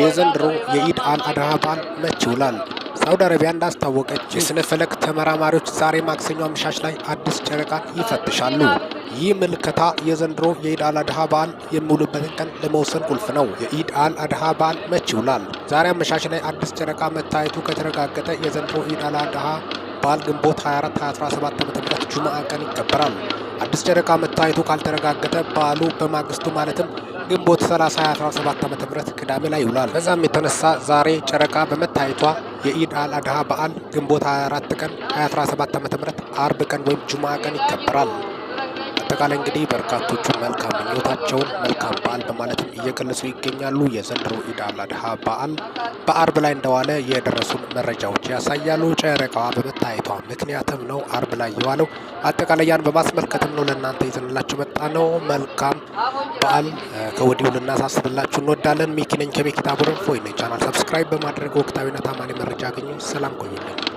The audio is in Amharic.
የዘንድሮ የኢድ አል አድሃ በዓል መች ይውላል? ሳውዲ አረቢያ እንዳስታወቀች የስነ ፈለክ ተመራማሪዎች ዛሬ ማክሰኞ አመሻሽ ላይ አዲስ ጨረቃን ይፈትሻሉ። ይህ ምልከታ የዘንድሮ የኢድ አል አድሃ በዓል የሚውልበትን ቀን ለመወሰን ቁልፍ ነው። የኢድ አል አድሃ በዓል መች ይውላል? ዛሬ አመሻሽ ላይ አዲስ ጨረቃ መታየቱ ከተረጋገጠ የዘንድሮ ኢድ አል አድሃ በዓል ግንቦት 24 2017 ዓ.ም ጁምዓ ቀን ይከበራል። አዲስ ጨረቃ መታየቱ ካልተረጋገጠ በዓሉ በማግስቱ ማለትም ግንቦት 30 2017 ዓ.ም ቅዳሜ ላይ ይውላል። በዛም የተነሳ ዛሬ ጨረቃ በመታየቷ የኢድ አል አድሃ በዓል ግንቦት 24 ቀን 2017 ም አርብ ቀን ወይም ጁማ ቀን ይከበራል። በአጠቃላይ እንግዲህ በርካቶቹ መልካም ምኞታቸውን መልካም በዓል በማለትም እየገለጹ ይገኛሉ። የዘንድሮ ኢድ አል አድሃ በዓል በአርብ ላይ እንደዋለ የደረሱን መረጃዎች ያሳያሉ። ጨረቃዋ በመታየቷ ምክንያትም ነው አርብ ላይ የዋለው። አጠቃላይ ያን በማስመልከትም ነው ለእናንተ ይዘንላችሁ መጣ ነው። መልካም በዓል ከወዲሁ ልናሳስብላችሁ እንወዳለን። ሚኪነኝ ከሚኪታቡረን ፎይ ነ ቻናል ሰብስክራይብ በማድረግ ወቅታዊና ታማኝ መረጃ አገኙ። ሰላም ቆዩልን።